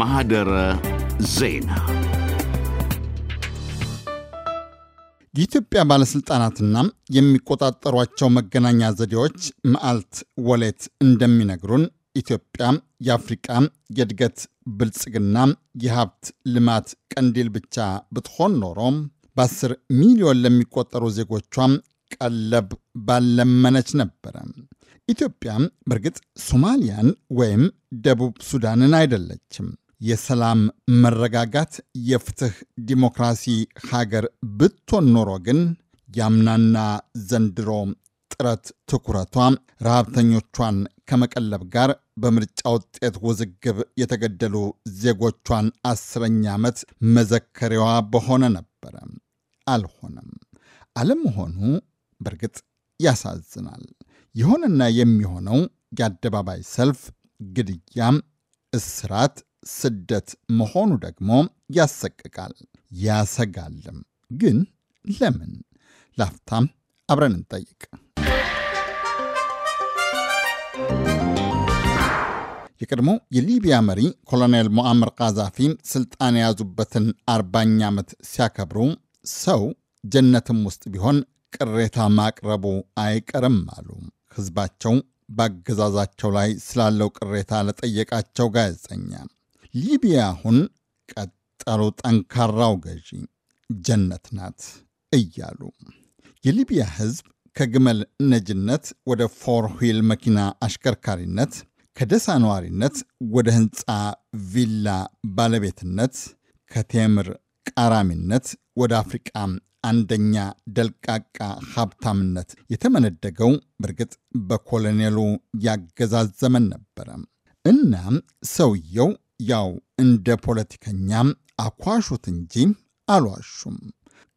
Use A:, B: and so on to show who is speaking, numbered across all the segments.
A: ማህደረ ዜና የኢትዮጵያ ባለሥልጣናትና የሚቆጣጠሯቸው መገናኛ ዘዴዎች መዓልት ወሌት እንደሚነግሩን ኢትዮጵያ የአፍሪቃ የእድገት ብልጽግና የሀብት ልማት ቀንዲል ብቻ ብትሆን ኖሮ በ10 ሚሊዮን ለሚቆጠሩ ዜጎቿም ቀለብ ባለመነች ነበረ። ኢትዮጵያ በእርግጥ ሶማሊያን ወይም ደቡብ ሱዳንን አይደለችም። የሰላም መረጋጋት፣ የፍትህ ዲሞክራሲ ሀገር ብትሆን ኖሮ ግን ያምናና ዘንድሮ ጥረት ትኩረቷ ረሃብተኞቿን ከመቀለብ ጋር በምርጫ ውጤት ውዝግብ የተገደሉ ዜጎቿን አስረኛ ዓመት መዘከሪዋ በሆነ ነበረ። አልሆነም። አለመሆኑ በእርግጥ ያሳዝናል። የሆነና የሚሆነው የአደባባይ ሰልፍ፣ ግድያም፣ እስራት ስደት መሆኑ ደግሞ ያሰቅቃል ያሰጋልም። ግን ለምን? ላፍታም አብረን እንጠይቅ። የቀድሞ የሊቢያ መሪ ኮሎኔል ሞአምር ቃዛፊ ስልጣን የያዙበትን አርባኛ ዓመት ሲያከብሩ ሰው ጀነትም ውስጥ ቢሆን ቅሬታ ማቅረቡ አይቀርም አሉ። ሕዝባቸው በአገዛዛቸው ላይ ስላለው ቅሬታ ለጠየቃቸው ጋዜጠኛ ሊቢያ አሁን ቀጠሉ ጠንካራው ገዢ ጀነት ናት እያሉ የሊቢያ ህዝብ ከግመል ነጅነት ወደ ፎርዊል መኪና አሽከርካሪነት ከደሳ ነዋሪነት ወደ ህንፃ ቪላ ባለቤትነት ከቴምር ቃራሚነት ወደ አፍሪቃ አንደኛ ደልቃቃ ሀብታምነት የተመነደገው በእርግጥ በኮሎኔሉ ያገዛዘመን ነበረ። እናም ሰውየው ያው እንደ ፖለቲከኛም አኳሹት እንጂ አልዋሹም።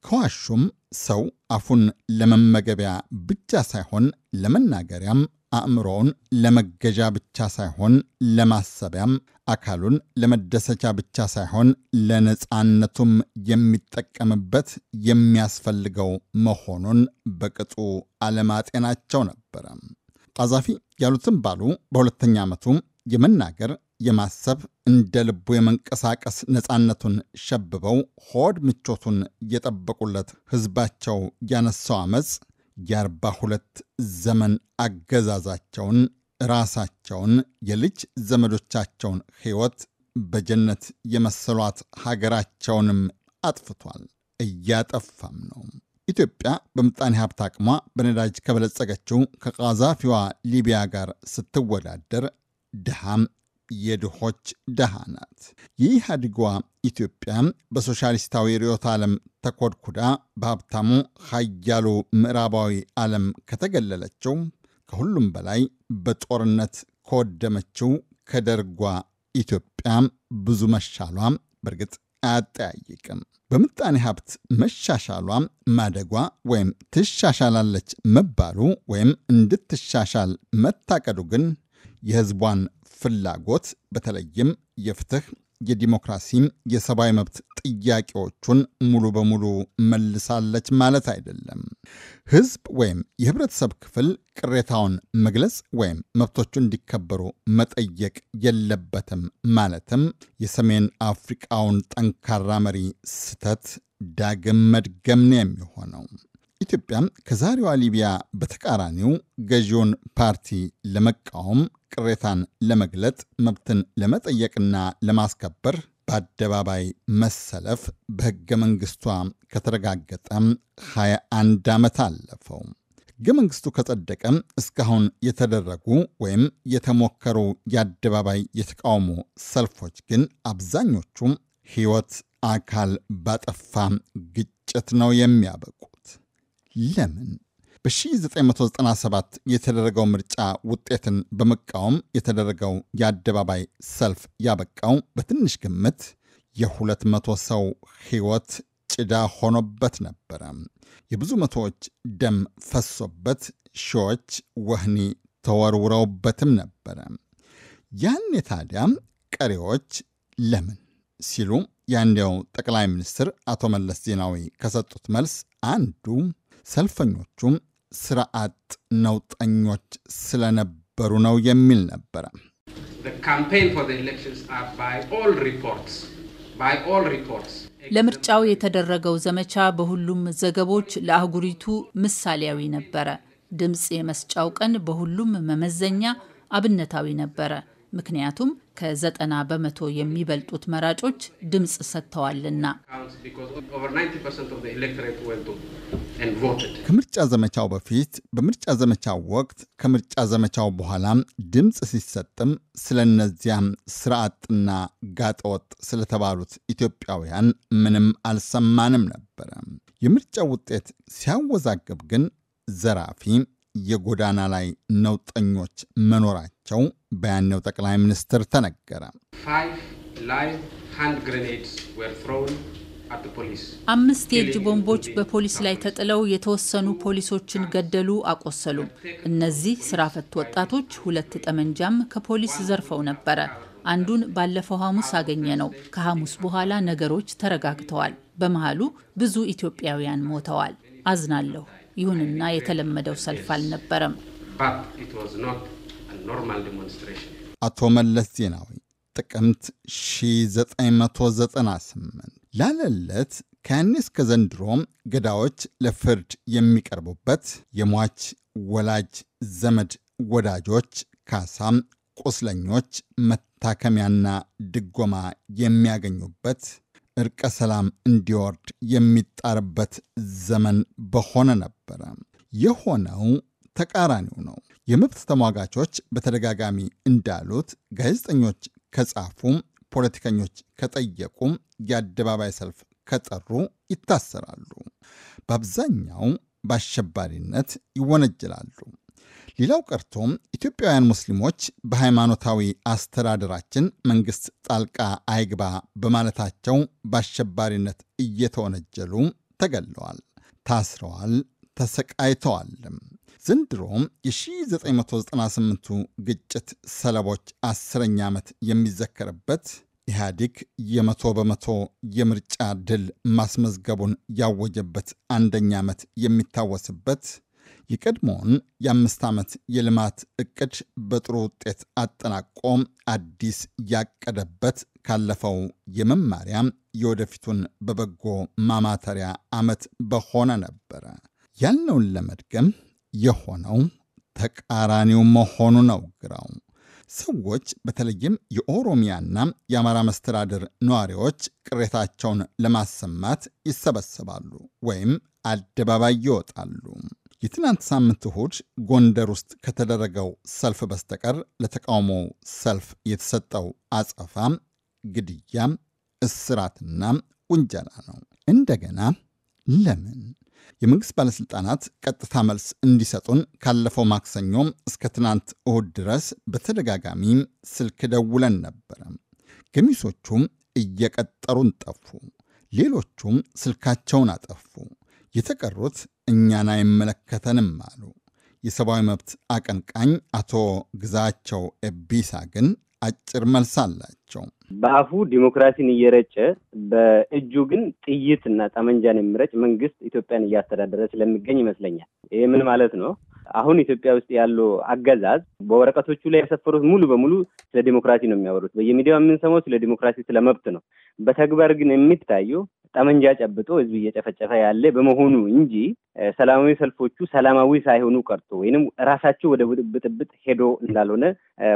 A: ከዋሹም ሰው አፉን ለመመገቢያ ብቻ ሳይሆን ለመናገሪያም፣ አእምሮውን ለመገዣ ብቻ ሳይሆን ለማሰቢያም፣ አካሉን ለመደሰቻ ብቻ ሳይሆን ለነፃነቱም የሚጠቀምበት የሚያስፈልገው መሆኑን በቅጡ አለማጤናቸው ነበረ። ቃዛፊ ያሉትን ባሉ በሁለተኛ ዓመቱ የመናገር የማሰብ እንደ ልቡ የመንቀሳቀስ ነፃነቱን ሸብበው ሆድ ምቾቱን የጠበቁለት ህዝባቸው ያነሳው አመፅ የአርባ ሁለት ዘመን አገዛዛቸውን ራሳቸውን የልጅ ዘመዶቻቸውን ሕይወት በጀነት የመሰሏት ሀገራቸውንም አጥፍቷል፣ እያጠፋም ነው። ኢትዮጵያ በምጣኔ ሀብት አቅሟ በነዳጅ ከበለጸገችው ከቃዛፊዋ ሊቢያ ጋር ስትወዳደር ድሃም የድሆች ድሃ ናት። የኢህአዴጓ ኢትዮጵያ በሶሻሊስታዊ ርዕዮተ ዓለም ተኮድኩዳ በሀብታሙ ሀያሉ ምዕራባዊ ዓለም ከተገለለችው ከሁሉም በላይ በጦርነት ከወደመችው ከደርጓ ኢትዮጵያ ብዙ መሻሏ በእርግጥ አያጠያይቅም። በምጣኔ ሀብት መሻሻሏ ማደጓ ወይም ትሻሻላለች መባሉ ወይም እንድትሻሻል መታቀዱ ግን የህዝቧን ፍላጎት በተለይም የፍትህ የዲሞክራሲም የሰብአዊ መብት ጥያቄዎቹን ሙሉ በሙሉ መልሳለች ማለት አይደለም። ህዝብ ወይም የህብረተሰብ ክፍል ቅሬታውን መግለጽ ወይም መብቶቹ እንዲከበሩ መጠየቅ የለበትም ማለትም የሰሜን አፍሪቃውን ጠንካራ መሪ ስህተት ዳግም መድገም ነው የሚሆነው። ኢትዮጵያ ከዛሬዋ ሊቢያ በተቃራኒው ገዢውን ፓርቲ ለመቃወም ቅሬታን ለመግለጥ መብትን ለመጠየቅና ለማስከበር በአደባባይ መሰለፍ በሕገ መንግሥቷ ከተረጋገጠ 21 ዓመት አለፈው። ሕገ መንግሥቱ ከጸደቀ እስካሁን የተደረጉ ወይም የተሞከሩ የአደባባይ የተቃውሞ ሰልፎች ግን አብዛኞቹ ሕይወት አካል ባጠፋ ግጭት ነው የሚያበቁት። ለምን? በ1997 የተደረገው ምርጫ ውጤትን በመቃወም የተደረገው የአደባባይ ሰልፍ ያበቃው በትንሽ ግምት የ200 ሰው ሕይወት ጭዳ ሆኖበት ነበረ። የብዙ መቶዎች ደም ፈሶበት፣ ሺዎች ወህኒ ተወርውረውበትም ነበረ። ያኔ ታዲያ ቀሪዎች ለምን ሲሉ ያንዴው ጠቅላይ ሚኒስትር አቶ መለስ ዜናዊ ከሰጡት መልስ አንዱ ሰልፈኞቹም ስርዓት ነውጠኞች ስለነበሩ ነው የሚል ነበረ።
B: ለምርጫው የተደረገው ዘመቻ በሁሉም ዘገቦች ለአህጉሪቱ ምሳሌያዊ ነበረ። ድምፅ የመስጫው ቀን በሁሉም መመዘኛ አብነታዊ ነበረ። ምክንያቱም ከዘጠና በመቶ የሚበልጡት መራጮች ድምፅ ሰጥተዋልና።
A: ከምርጫ ዘመቻው በፊት፣ በምርጫ ዘመቻው ወቅት፣ ከምርጫ ዘመቻው በኋላም ድምፅ ሲሰጥም ስለ እነዚያም ስርዓትና ጋጠወጥ ስለተባሉት ኢትዮጵያውያን ምንም አልሰማንም ነበረ። የምርጫው ውጤት ሲያወዛግብ ግን ዘራፊ የጎዳና ላይ ነውጠኞች መኖራቸው በያኔው ጠቅላይ ሚኒስትር ተነገረ።
C: አምስት የእጅ
B: ቦምቦች በፖሊስ ላይ ተጥለው የተወሰኑ ፖሊሶችን ገደሉ፣ አቆሰሉም። እነዚህ ስራ ፈት ወጣቶች ሁለት ጠመንጃም ከፖሊስ ዘርፈው ነበረ። አንዱን ባለፈው ሐሙስ አገኘ ነው። ከሐሙስ በኋላ ነገሮች ተረጋግተዋል። በመሃሉ ብዙ ኢትዮጵያውያን ሞተዋል። አዝናለሁ። ይሁንና የተለመደው ሰልፍ አልነበረም።
A: አቶ መለስ ዜናዊ ጥቅምት 1998 ላለለት ከያኔ እስከ ዘንድሮም ገዳዎች ለፍርድ የሚቀርቡበት የሟች ወላጅ ዘመድ ወዳጆች ካሳም፣ ቁስለኞች መታከሚያና ድጎማ የሚያገኙበት እርቀ ሰላም እንዲወርድ የሚጣርበት ዘመን በሆነ ነበረ። የሆነው ተቃራኒው ነው። የመብት ተሟጋቾች በተደጋጋሚ እንዳሉት ጋዜጠኞች ከጻፉም ፖለቲከኞች ከጠየቁ፣ የአደባባይ ሰልፍ ከጠሩ ይታሰራሉ። በአብዛኛው በአሸባሪነት ይወነጀላሉ። ሌላው ቀርቶም ኢትዮጵያውያን ሙስሊሞች በሃይማኖታዊ አስተዳደራችን መንግሥት ጣልቃ አይግባ በማለታቸው በአሸባሪነት እየተወነጀሉ ተገለዋል፣ ታስረዋል፣ ተሰቃይተዋልም። ዘንድሮም የ1998ቱ ግጭት ሰለቦች አስረኛ ዓመት የሚዘከርበት ኢህአዴግ የመቶ በመቶ የምርጫ ድል ማስመዝገቡን ያወጀበት አንደኛ ዓመት የሚታወስበት የቀድሞውን የአምስት ዓመት የልማት እቅድ በጥሩ ውጤት አጠናቆ አዲስ ያቀደበት ካለፈው የመማሪያ የወደፊቱን በበጎ ማማተሪያ ዓመት በሆነ ነበረ ያልነውን ለመድገም የሆነው ተቃራኒው መሆኑ ነው ግራው። ሰዎች በተለይም የኦሮሚያና የአማራ መስተዳድር ነዋሪዎች ቅሬታቸውን ለማሰማት ይሰበሰባሉ ወይም አደባባይ ይወጣሉ። የትናንት ሳምንት እሁድ ጎንደር ውስጥ ከተደረገው ሰልፍ በስተቀር ለተቃውሞው ሰልፍ የተሰጠው አጸፋ ግድያ፣ እስራትና ውንጀላ ነው። እንደገና ለምን? የመንግሥት ባለሥልጣናት ቀጥታ መልስ እንዲሰጡን ካለፈው ማክሰኞም እስከ ትናንት እሁድ ድረስ በተደጋጋሚ ስልክ ደውለን ነበረ። ገሚሶቹም እየቀጠሩን ጠፉ። ሌሎቹም ስልካቸውን አጠፉ። የተቀሩት እኛን አይመለከተንም አሉ። የሰብአዊ መብት አቀንቃኝ አቶ ግዛቸው ኤቢሳ ግን አጭር መልስ አላቸው።
C: በአፉ ዲሞክራሲን እየረጨ በእጁ ግን ጥይት እና ጠመንጃን የሚረጭ መንግስት ኢትዮጵያን እያስተዳደረ ስለሚገኝ ይመስለኛል። ይህ ምን ማለት ነው? አሁን ኢትዮጵያ ውስጥ ያለው አገዛዝ በወረቀቶቹ ላይ የሰፈሩት ሙሉ በሙሉ ስለ ዲሞክራሲ ነው የሚያወሩት። በየሚዲያው የምንሰማው ስለ ዲሞክራሲ፣ ስለ መብት ነው። በተግባር ግን የሚታየው ጠመንጃ ጨብጦ ህዝብ እየጨፈጨፈ ያለ በመሆኑ እንጂ ሰላማዊ ሰልፎቹ ሰላማዊ ሳይሆኑ ቀርቶ ወይንም ራሳቸው ወደ ብጥብጥ ሄዶ እንዳልሆነ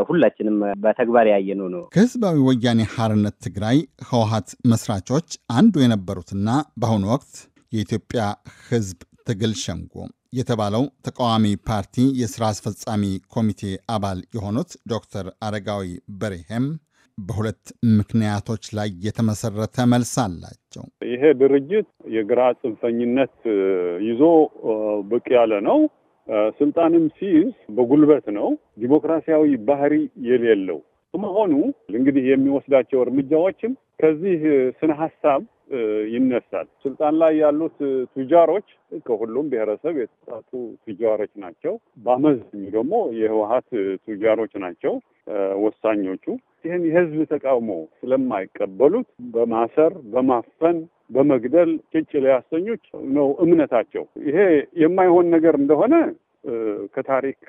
C: ሁላችንም በተግባር ያየነው ነው።
A: ከህዝባዊ ወያኔ ሀርነት ትግራይ ህወሀት መስራቾች አንዱ የነበሩትና በአሁኑ ወቅት የኢትዮጵያ ህዝብ ትግል ሸንጎ የተባለው ተቃዋሚ ፓርቲ የስራ አስፈጻሚ ኮሚቴ አባል የሆኑት ዶክተር አረጋዊ በርሄም በሁለት ምክንያቶች ላይ የተመሰረተ መልስ አላቸው።
D: ይሄ ድርጅት የግራ ጽንፈኝነት ይዞ ብቅ ያለ ነው። ስልጣንም ሲይዝ በጉልበት ነው። ዲሞክራሲያዊ ባህሪ የሌለው መሆኑ እንግዲህ የሚወስዳቸው እርምጃዎችም ከዚህ ስነ ሀሳብ ይነሳል። ስልጣን ላይ ያሉት ቱጃሮች ከሁሉም ብሔረሰብ የተውጣጡ ቱጃሮች ናቸው። በአመዛኙ ደግሞ የህወሀት ቱጃሮች ናቸው ወሳኞቹ። ይህን የህዝብ ተቃውሞ ስለማይቀበሉት በማሰር በማፈን በመግደል ጭጭ ሊያሰኞች ነው እምነታቸው። ይሄ የማይሆን ነገር እንደሆነ ከታሪክ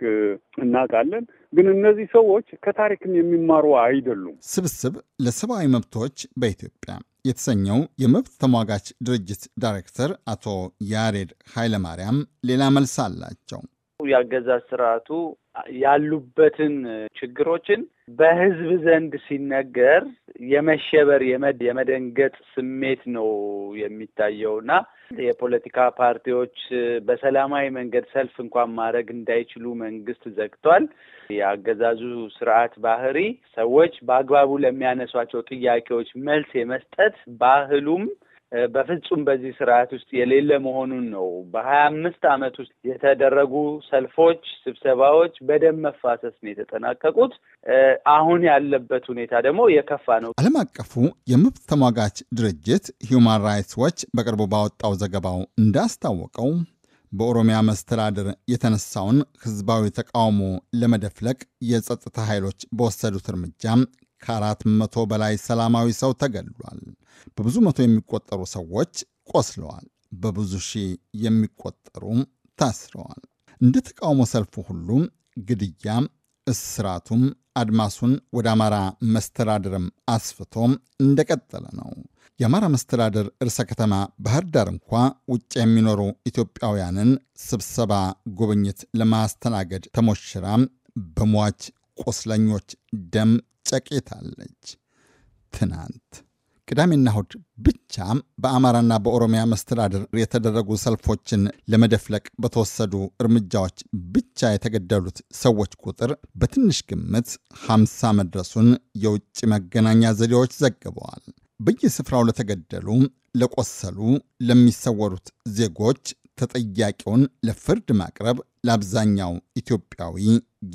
D: እናውቃለን። ግን እነዚህ ሰዎች ከታሪክም የሚማሩ አይደሉም።
A: ስብስብ ለሰብአዊ መብቶች በኢትዮጵያ የተሰኘው የመብት ተሟጋች ድርጅት ዳይሬክተር አቶ ያሬድ ኃይለማርያም ሌላ መልስ አላቸው።
B: ያገዛ ስርዓቱ ያሉበትን ችግሮችን በህዝብ ዘንድ ሲነገር የመሸበር የመደንገጥ ስሜት ነው የሚታየው እና የፖለቲካ ፓርቲዎች በሰላማዊ መንገድ ሰልፍ እንኳን ማድረግ እንዳይችሉ መንግስት ዘግቷል። የአገዛዙ ስርዓት ባህሪ ሰዎች በአግባቡ ለሚያነሷቸው ጥያቄዎች መልስ የመስጠት ባህሉም በፍጹም በዚህ ስርዓት ውስጥ የሌለ መሆኑን ነው። በሀያ አምስት አመት ውስጥ የተደረጉ ሰልፎች፣ ስብሰባዎች በደም መፋሰስ ነው የተጠናቀቁት። አሁን ያለበት ሁኔታ ደግሞ የከፋ ነው።
A: ዓለም አቀፉ የመብት ተሟጋች ድርጅት ሂውማን ራይትስ ዎች በቅርቡ ባወጣው ዘገባው እንዳስታወቀው በኦሮሚያ መስተዳድር የተነሳውን ህዝባዊ ተቃውሞ ለመደፍለቅ የጸጥታ ኃይሎች በወሰዱት እርምጃ ከአራት መቶ በላይ ሰላማዊ ሰው ተገድሏል። በብዙ መቶ የሚቆጠሩ ሰዎች ቆስለዋል። በብዙ ሺህ የሚቆጠሩ ታስረዋል። እንደ ተቃውሞ ሰልፉ ሁሉም ግድያም፣ እስራቱም አድማሱን ወደ አማራ መስተዳድርም አስፍቶም እንደቀጠለ ነው። የአማራ መስተዳድር ርዕሰ ከተማ ባህር ዳር እንኳ ውጭ የሚኖሩ ኢትዮጵያውያንን ስብሰባ፣ ጉብኝት ለማስተናገድ ተሞሽራም በሟች ቁስለኞች ደም ጨቄታለች። ትናንት ቅዳሜና እሁድ ብቻ በአማራና በኦሮሚያ መስተዳድር የተደረጉ ሰልፎችን ለመደፍለቅ በተወሰዱ እርምጃዎች ብቻ የተገደሉት ሰዎች ቁጥር በትንሽ ግምት 50 መድረሱን የውጭ መገናኛ ዘዴዎች ዘግበዋል። በየስፍራው ለተገደሉ፣ ለቆሰሉ፣ ለሚሰወሩት ዜጎች ተጠያቂውን ለፍርድ ማቅረብ ለአብዛኛው ኢትዮጵያዊ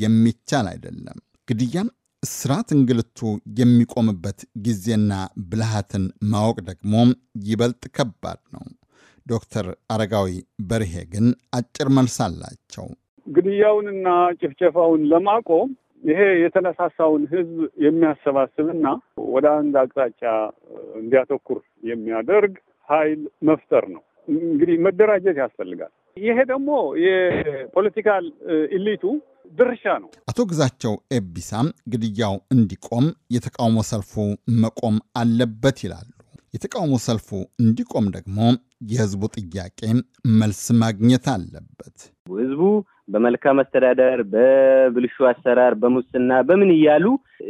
A: የሚቻል አይደለም። ግድያም፣ እስራት፣ እንግልቱ የሚቆምበት ጊዜና ብልሃትን ማወቅ ደግሞ ይበልጥ ከባድ ነው። ዶክተር አረጋዊ በርሄ ግን አጭር መልስ አላቸው።
D: ግድያውንና ጭፍጨፋውን ለማቆም ይሄ የተነሳሳውን ህዝብ የሚያሰባስብና ወደ አንድ አቅጣጫ እንዲያተኩር የሚያደርግ ኃይል መፍጠር ነው። እንግዲህ መደራጀት ያስፈልጋል። ይሄ ደግሞ የፖለቲካል ኢሊቱ ድርሻ ነው።
A: አቶ ግዛቸው ኤቢሳም ግድያው እንዲቆም የተቃውሞ ሰልፉ መቆም አለበት ይላሉ። የተቃውሞ ሰልፉ እንዲቆም ደግሞ የህዝቡ ጥያቄ መልስ ማግኘት አለበት።
C: ህዝቡ በመልካም አስተዳደር፣ በብልሹ አሰራር፣ በሙስና በምን እያሉ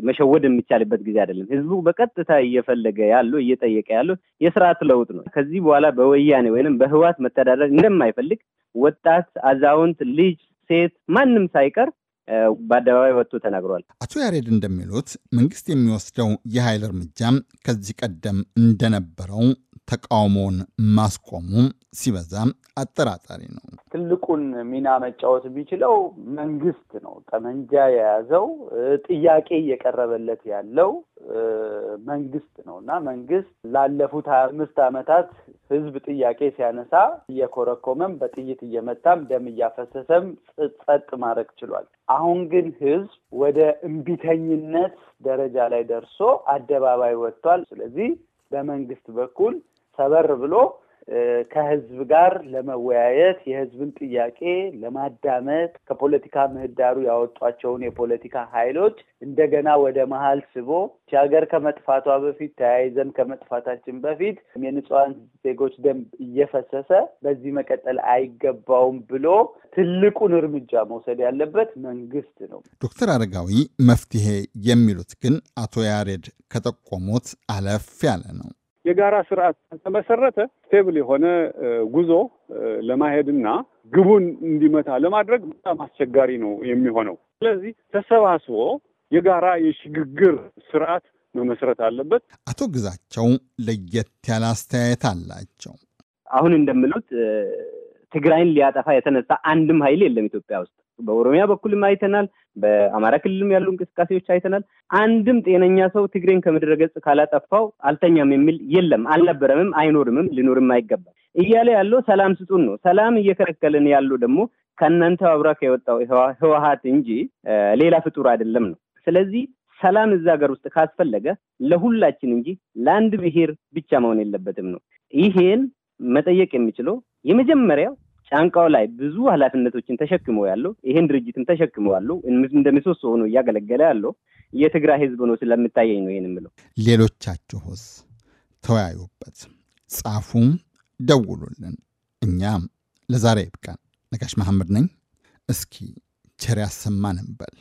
C: መሸወድ የሚቻልበት ጊዜ አይደለም። ህዝቡ በቀጥታ እየፈለገ ያለው እየጠየቀ ያለው የስርዓት ለውጥ ነው። ከዚህ በኋላ በወያኔ ወይንም በህዋት መተዳደር እንደማይፈልግ ወጣት፣ አዛውንት፣ ልጅ፣ ሴት ማንም ሳይቀር በአደባባይ ወጥቶ ተናግሯል።
A: አቶ ያሬድ እንደሚሉት መንግስት የሚወስደው የኃይል እርምጃ ከዚህ ቀደም እንደነበረው ተቃውሞውን ማስቆሙ ሲበዛም አጠራጣሪ ነው።
B: ትልቁን ሚና መጫወት የሚችለው መንግስት ነው። ጠመንጃ የያዘው ጥያቄ እየቀረበለት ያለው መንግስት ነው እና መንግስት ላለፉት ሀያ አምስት አመታት ህዝብ ጥያቄ ሲያነሳ እየኮረኮመም በጥይት እየመታም ደም እያፈሰሰም ጸጥ ማድረግ ችሏል። አሁን ግን ህዝብ ወደ እምቢተኝነት ደረጃ ላይ ደርሶ አደባባይ ወጥቷል። ስለዚህ በመንግስት በኩል ሰበር ብሎ ከህዝብ ጋር ለመወያየት የህዝብን ጥያቄ ለማዳመጥ ከፖለቲካ ምህዳሩ ያወጧቸውን የፖለቲካ ኃይሎች እንደገና ወደ መሀል ስቦ ሀገር ከመጥፋቷ በፊት ተያይዘን ከመጥፋታችን በፊት የንጹሐን ዜጎች ደንብ እየፈሰሰ በዚህ መቀጠል አይገባውም ብሎ ትልቁን እርምጃ መውሰድ ያለበት መንግስት ነው።
A: ዶክተር አረጋዊ መፍትሄ የሚሉት ግን አቶ ያሬድ ከጠቆሙት አለፍ ያለ ነው።
D: የጋራ ስርዓት ተመሰረተ ስቴብል የሆነ ጉዞ ለማሄድና ግቡን እንዲመታ ለማድረግ በጣም አስቸጋሪ ነው የሚሆነው። ስለዚህ ተሰባስቦ የጋራ የሽግግር ስርዓት መመስረት አለበት።
A: አቶ ግዛቸው ለየት ያለ አስተያየት አላቸው።
C: አሁን እንደምሉት ትግራይን ሊያጠፋ የተነሳ አንድም ኃይል የለም ኢትዮጵያ ውስጥ። በኦሮሚያ በኩልም አይተናል፣ በአማራ ክልልም ያሉ እንቅስቃሴዎች አይተናል። አንድም ጤነኛ ሰው ትግሬን ከምድረ ገጽ ካላጠፋው አልተኛም የሚል የለም፣ አልነበረምም፣ አይኖርምም፣ ሊኖርም አይገባል እያለ ያለው ሰላም ስጡን ነው። ሰላም እየከለከልን ያለው ደግሞ ከእናንተ አብራክ የወጣው ህወሀት እንጂ ሌላ ፍጡር አይደለም ነው። ስለዚህ ሰላም እዛ ሀገር ውስጥ ካስፈለገ ለሁላችን እንጂ ለአንድ ብሄር ብቻ መሆን የለበትም ነው። ይሄን መጠየቅ የሚችለው የመጀመሪያው ጫንቃው ላይ ብዙ ኃላፊነቶችን ተሸክሞ ያለው ይሄን ድርጅትም ተሸክሞ ያለው እንደ ምሰሶ ሆኖ እያገለገለ ያለው የትግራይ ህዝብ ነው ስለምታየኝ ነው ይህን የምለው።
A: ሌሎቻችሁስ ተወያዩበት፣ ጻፉም፣ ደውሉልን። እኛም ለዛሬ ይብቃን። ነጋሽ መሐመድ ነኝ። እስኪ ቸር ያሰማን እንበል።